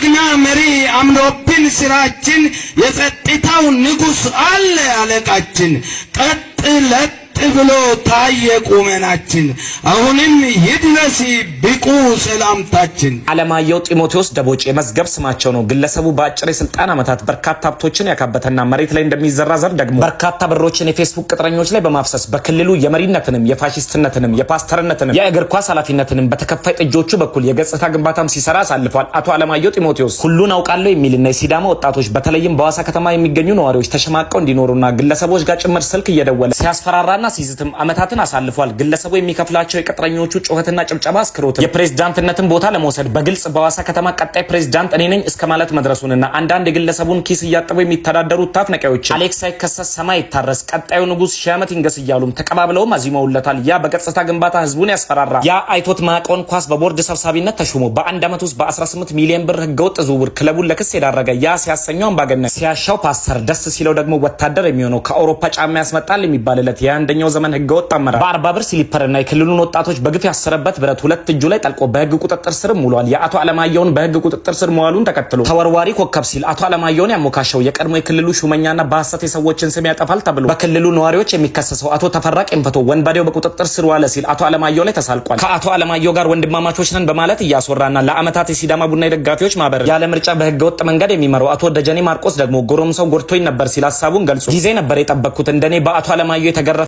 ጀግና መሪ አምኖብን ስራችን የጸጥታው ንጉስ አለ አለቃችን ቀጥ ለጥ ብሎ ታየ ቁመናችን፣ አሁንም ይድረስ ብቁ ሰላምታችን። አለማየሁ ጢሞቴዎስ ደቦጭ የመዝገብ ስማቸው ነው። ግለሰቡ በአጭር የስልጣን ዓመታት በርካታ ሀብቶችን ያካበተና መሬት ላይ እንደሚዘራ ዘር ደግሞ በርካታ ብሮችን የፌስቡክ ቅጥረኞች ላይ በማፍሰስ በክልሉ የመሪነትንም የፋሽስትነትንም የፓስተርነትንም የእግር ኳስ ኃላፊነትንም በተከፋይ ጥጆቹ በኩል የገጽታ ግንባታም ሲሰራ አሳልፏል። አቶ አለማየሁ ጢሞቴዎስ ሁሉን አውቃለሁ የሚልና የሲዳማ ወጣቶች በተለይም በዋሳ ከተማ የሚገኙ ነዋሪዎች ተሸማቀው እንዲኖሩና ግለሰቦች ጋር ጭምር ስልክ እየደወለ ሲያስፈራራና ሲዝትም ዓመታትን አሳልፏል። ግለሰቡ የሚከፍላቸው የቅጥረኞቹ ጩኸትና ጭብጨባ አስክሮትም የፕሬዝዳንትነትን ቦታ ለመውሰድ በግልጽ በሐዋሳ ከተማ ቀጣይ ፕሬዝዳንት እኔ ነኝ እስከ ማለት መድረሱንና አንዳንድ የግለሰቡን ኪስ እያጠቡ የሚተዳደሩት ታፍ ነቂዎች አሌክስ ሳይከሰስ ሰማይ ይታረስ፣ ቀጣዩ ንጉስ ሺህ ዓመት ይንገስ እያሉም ተቀባብለውም አዚመውለታል። ያ በገጽታ ግንባታ ህዝቡን ያስፈራራ ያ አይቶት ማዕቆን ኳስ በቦርድ ሰብሳቢነት ተሾሞ በአንድ ዓመት ውስጥ በ18 ሚሊዮን ብር ህገወጥ ዝውውር ክለቡን ለክስ የዳረገ ያ ሲያሰኘው አምባገነን ሲያሻው ፓስተር ደስ ሲለው ደግሞ ወታደር የሚሆነው ከአውሮፓ ጫማ ያስመጣል የሚባልለት የአንደኛ በ21ኛው ዘመን ህገወጥ አመራር በአርባ ብር ስሊፐርና የክልሉን ወጣቶች በግፍ ያሰረበት ብረት ሁለት እጁ ላይ ጠልቆ በህግ ቁጥጥር ስር ውሏል። የአቶ አለማየሁን በህግ ቁጥጥር ስር መዋሉን ተከትሎ ተወርዋሪ ኮከብ ሲል አቶ አለማየሁን ያሞካሸው የቀድሞ የክልሉ ሹመኛና በሀሰት የሰዎችን ስም ያጠፋል ተብሎ በክልሉ ነዋሪዎች የሚከሰሰው አቶ ተፈራ ቄንፈቶ ወንበዴው በቁጥጥር ስር ዋለ ሲል አቶ አለማየሁ ላይ ተሳልቋል። ከአቶ አለማየሁ ጋር ወንድማማቾች ነን በማለት እያስወራና ለአመታት የሲዳማ ቡና የደጋፊዎች ማህበር ያለ ምርጫ በህገወጥ መንገድ የሚመራው አቶ ደጀኔ ማርቆስ ደግሞ ሰው ጎድቶኝ ነበር ሲል ሀሳቡን ገልጾ ጊዜ ነበር የጠበቅኩት እንደኔ በአቶ አለማየሁ የተገረፈ